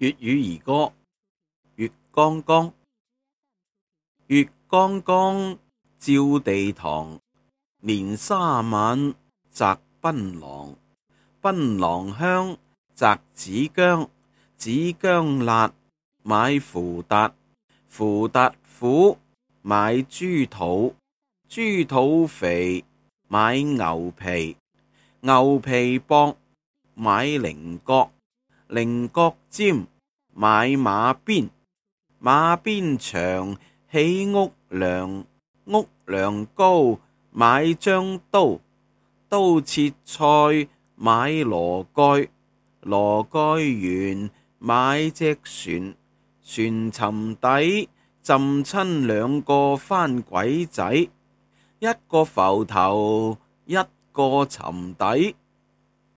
粵語兒歌《月光光》，月光光照地堂，年卅晚摘檳榔，檳榔香摘子薑，子薑辣買芙達，芙達苦，買豬肚，豬肚肥買牛皮，牛皮薄買菱角。菱角尖，買馬鞭，馬鞭長，起屋梁，屋梁高，買張刀，刀切菜，買籮蓋，籮蓋圓，買隻船，船沉底，浸親兩個番鬼仔，一個浮頭，一個沉底。